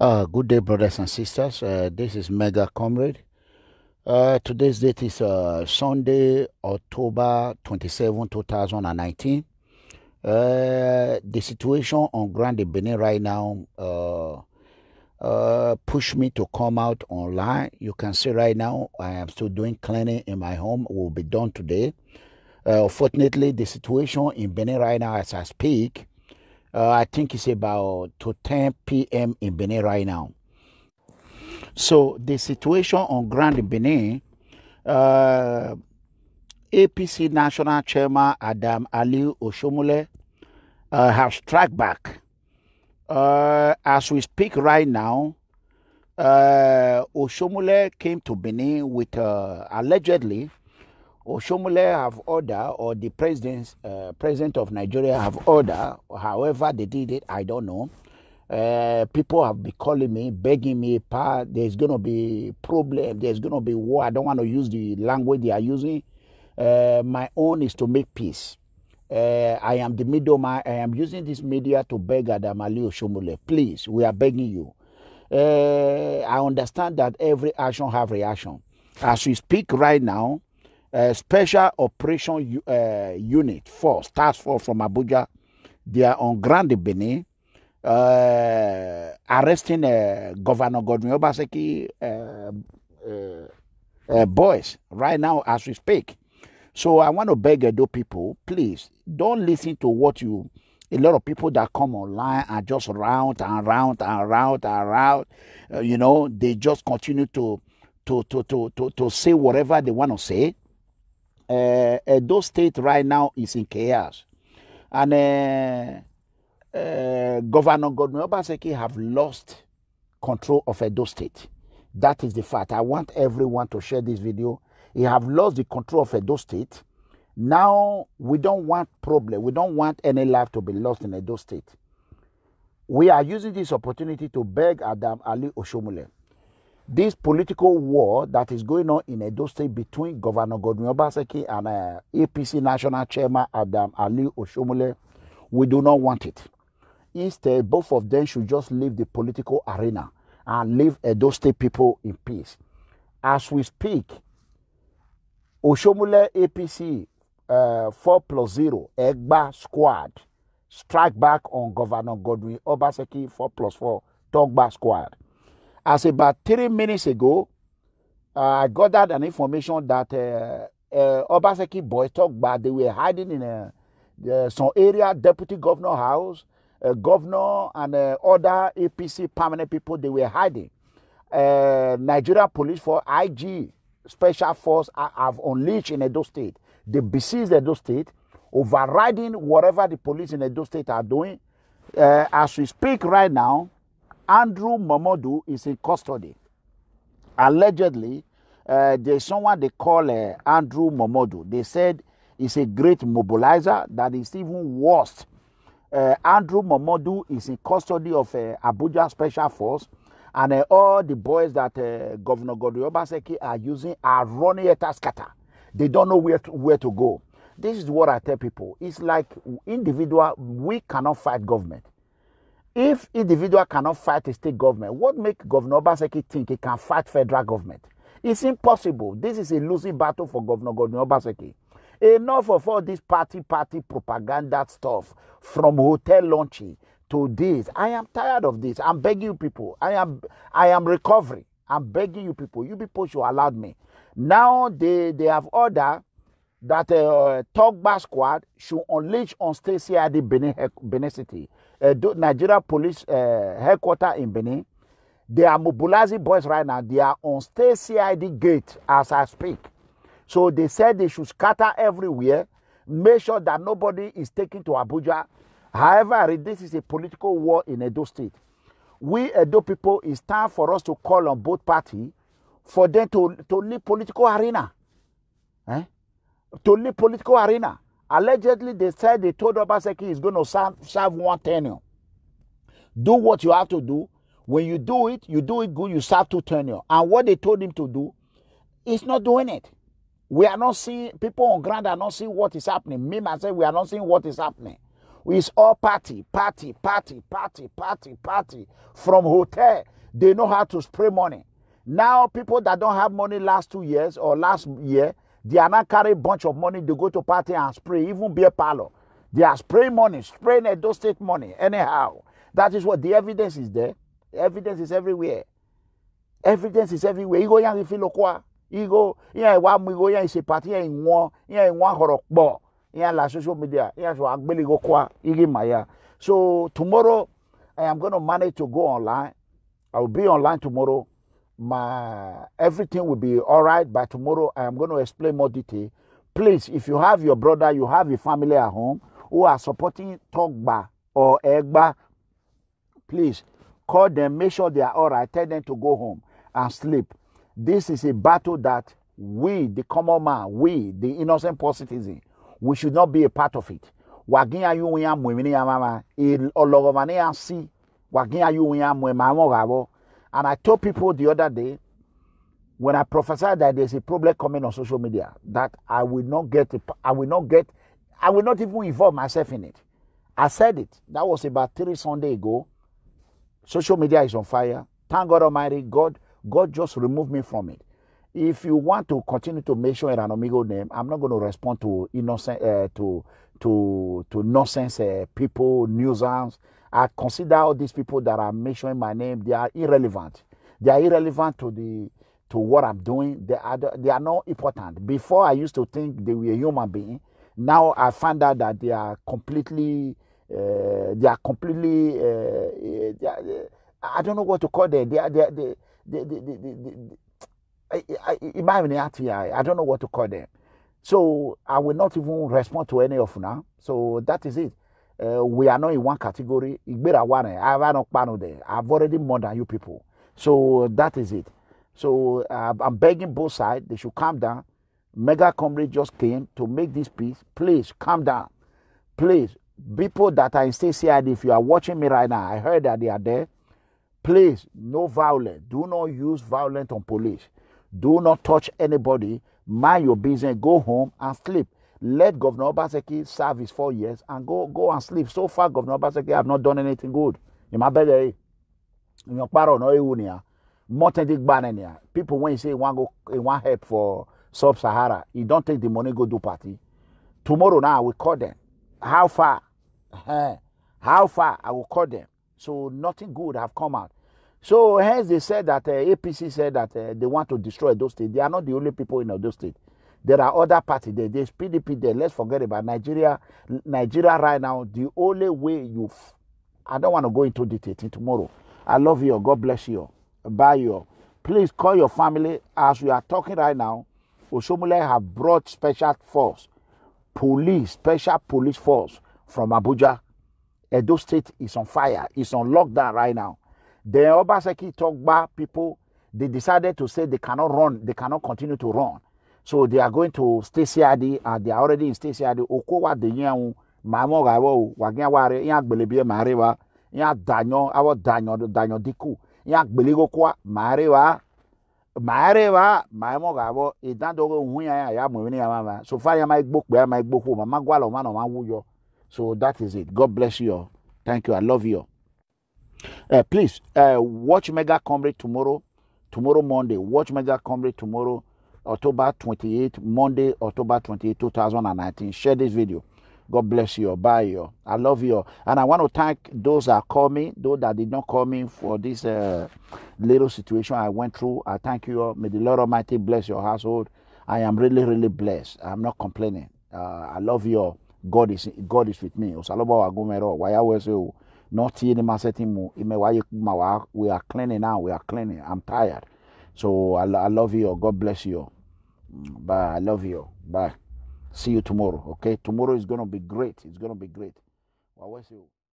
Uh, good day, brothers and sisters. Uh, this is Mega Comrade. Uh, today's date is uh, Sunday, October 27, 2019. Uh, the situation on Grand Benin right now uh, uh pushed me to come out online. You can see right now I am still doing cleaning in my home. It will be done today. fortunately, the situation in Benin right now, as I speak, uh, I think it's about to 10 p.m. in Benin right now. So the situation on ground in Benin, uh, APC National Chairman Adam Ali Oshomule uh, struck back. Uh, as we speak right now, uh, Oshomule came to Benin with uh, allegedly Oshomole have order or the president, uh, president of Nigeria have order, however they did it, I don't know. Uh, people have been calling me, begging me, pa, there's going to be problem, there's going to be war. I don't want to use the language they are using. Uh, my own is to make peace. Uh, I am the middleman. I am using this media to beg Adamali Ali Oshomole, please, we are begging you. Uh, I understand that every action have reaction. As we speak right now, uh, Special Operation uh, Unit Force, Task Force from Abuja, they are on Grand Benin, uh, arresting uh, Governor Godwin Obaseki uh, uh, boys right now as we speak. So I want to beg Edo people, please don't listen to what you. A lot of people that come online are just round and round and round and round. you know, they just continue to to to to to, to say whatever they want to say uh, Edo State right now is in chaos. And uh, uh, Governor Godwin Obaseki have lost control of Edo State. That is the fact. I want everyone to share this video. He have lost the control of Edo State. Now, we don't want problem. We don't want any life to be lost in Edo State. We are using this opportunity to beg Adam Ali Oshomule this political war that is going on in Edo State between Governor Godwin Obaseki and uh, APC National Chairman Adam Ali Oshomule, we do not want it. Instead, both of them should just leave the political arena and leave Edo State people in peace. As we speak, Oshomule APC uh, 4 plus 0, Egba squad, strike back on Governor Godwin Obaseki 4 plus 4, Togba squad as about three minutes ago, uh, I got that an information that uh, uh, Obaseki boys talked about they were hiding in a, uh, some area, deputy governor house, uh, governor and uh, other APC permanent people, they were hiding. Uh, Nigeria Police Force, IG, Special Force have unleashed in Edo State. They besieged Edo State, overriding whatever the police in Edo State are doing. Uh, as we speak right now, Andrew Momodu is in custody. Allegedly, uh, there's someone they call uh, Andrew Momodu. They said he's a great mobilizer that is even worse. Uh, Andrew Momodu is in custody of uh, Abuja Special Force, and uh, all the boys that uh, Governor Godwin Obaseki are using are running at scatter. They don't know where to, where to go. This is what I tell people. It's like individual, we cannot fight government if individual cannot fight a state government, what make Governor Obaseki think he can fight federal government? It's impossible. This is a losing battle for Governor Governor Obaseki. Enough of all this party party propaganda stuff from hotel launching to this. I am tired of this. I'm begging you people. I am I am recovering. I'm begging you people. You people should allow me. Now they, they have order that uh, Togba squad should unleash on state CID Benin, Benin City, uh, Nigeria police uh, headquarters in Benin. They are mobilizing boys right now. They are on state CID gate as I speak. So they said they should scatter everywhere, make sure that nobody is taken to Abuja. However, this is a political war in Edo State. We Edo people, it's time for us to call on both parties for them to, to leave political arena. Eh? to leave political arena. Allegedly, they said they told Obaseki is going to serve, serve one tenure. Do what you have to do. When you do it, you do it good, you serve two tenure. And what they told him to do, he's not doing it. We are not seeing, people on ground are not seeing what is happening. Me, myself, we are not seeing what is happening. It's all party, party, party, party, party, party. From hotel, they know how to spray money. Now, people that don't have money last two years or last year, They are not carry bunch of money. They go to party and spray, even beer parlor. They are spraying money, spraying Edo State money, anyhow. That is what the evidence is there. evidence is everywhere. Evidence is everywhere. Igo yang ifi go. Igo, yan iwa mu igo yan ise party yan iwon, yan iwon horokbo. Yan la social media, yan so agbele go kwa, igi maya. So tomorrow, I am going to manage to go online. I will be online tomorrow my everything will be all right by tomorrow i am going to explain more detail please if you have your brother you have a family at home who are supporting togba or egba please call them make sure they are all right tell them to go home and sleep this is a battle that we the common man we the innocent poor citizen we should not be a part of it wagin ayu wiyan And I told people the other day when I prophesied that there's a problem coming on social media that I will not get, I will not get, I will not even involve myself in it. I said it. That was about three Sunday ago. Social media is on fire. Thank God Almighty. God, God just removed me from it. If you want to continue to mention an amigo name, I'm not going to respond to innocent, uh, to to to nonsense uh, people, nuisance. I consider all these people that are mentioning my name, they are irrelevant. They are irrelevant to the to what I'm doing. They are they are not important. Before I used to think they were human being. Now I find out that they are completely uh, they are completely uh, they are, they, eh, I don't know what to call them. They are they are, they, they, they, they, they, they, I, I, I, I don't know what to call them. So I will not even respond to any of now. So that is it. uh, we are not in one category. I've already more than you people. So that is it. So uh, I'm begging both sides, they should calm down. Mega Comrade just came to make this peace. Please calm down. Please, people that are in state CID, if you are watching me right now, I heard that they are there. Please, no violence. Do not use violence on police. Do not touch anybody. Mind your business. Go home and sleep. Let Governor Obaseki serve his four years and go go and sleep. So far, Governor Obaseki have not done anything good. Ìmọ̀bẹ̀rẹ̀ ìyànparọ̀ ọ̀nà ewu nìyà. Mọ́tẹ́dì gbanẹ̀ nìyà. People wey say he wan go he want help for sub-Sahara, he don't take the money go do party. Tomorrow now, I will call them. How far? How far? I will call them. So nothing good have come out. So hence they said that uh, eh, APC said that uh, they want to destroy those states. They are not the only people in those states. There are other parties there. There's PDP there. Let's forget about Nigeria. Nigeria right now, the only way you... F- I don't want to go into detail tomorrow. I love you. God bless you. Bye you. Please call your family. As we are talking right now, Osomule have brought special force, police, special police force from Abuja. Edo State is on fire. It's on lockdown right now. The Obaseki talk back people. They decided to say they cannot run. They cannot continue to run so they are going to state cid and they are already in state cid oko wa de yẹn o màmú ọ̀rọ̀ àwọ̀ o wà gẹ́ wa rẹ̀ yẹn agbèlébi ẹ̀ màá rẹ̀ wa yẹn adanyọ awọ danyọ danyọ dínkù yẹn agbèlékoko wa màá rẹ̀ wa màá rẹ̀ wa màmú ọ̀rọ̀ àwọ̀ ìdádọ́rọ̀ òhun yẹn àyà mọ̀ ní yàrá ma so fáyà máa gbó pé máa gbó kó màmá gbọ́ àlọ́ màmá wú yọ so that is it god bless you thank you i love you Uh, please uh, watch mega comrade tomorrow tomorrow monday watch mega comrade tomorrow October 28, Monday, October 28, 2019. Share this video. God bless you. Bye. You. I love you. And I want to thank those that called me, those that did not call me for this uh, little situation I went through. I thank you. All. May the Lord Almighty bless your household. I am really, really blessed. I'm not complaining. Uh, I love you. All. God is God is with me. Osaloba wagomero. Why I was not in We are cleaning now. We are cleaning. I'm tired. So I, I love you. All. God bless you. Bye. I love you. Bye. See you tomorrow. Okay. Tomorrow is going to be great. It's going to be great. I wish you.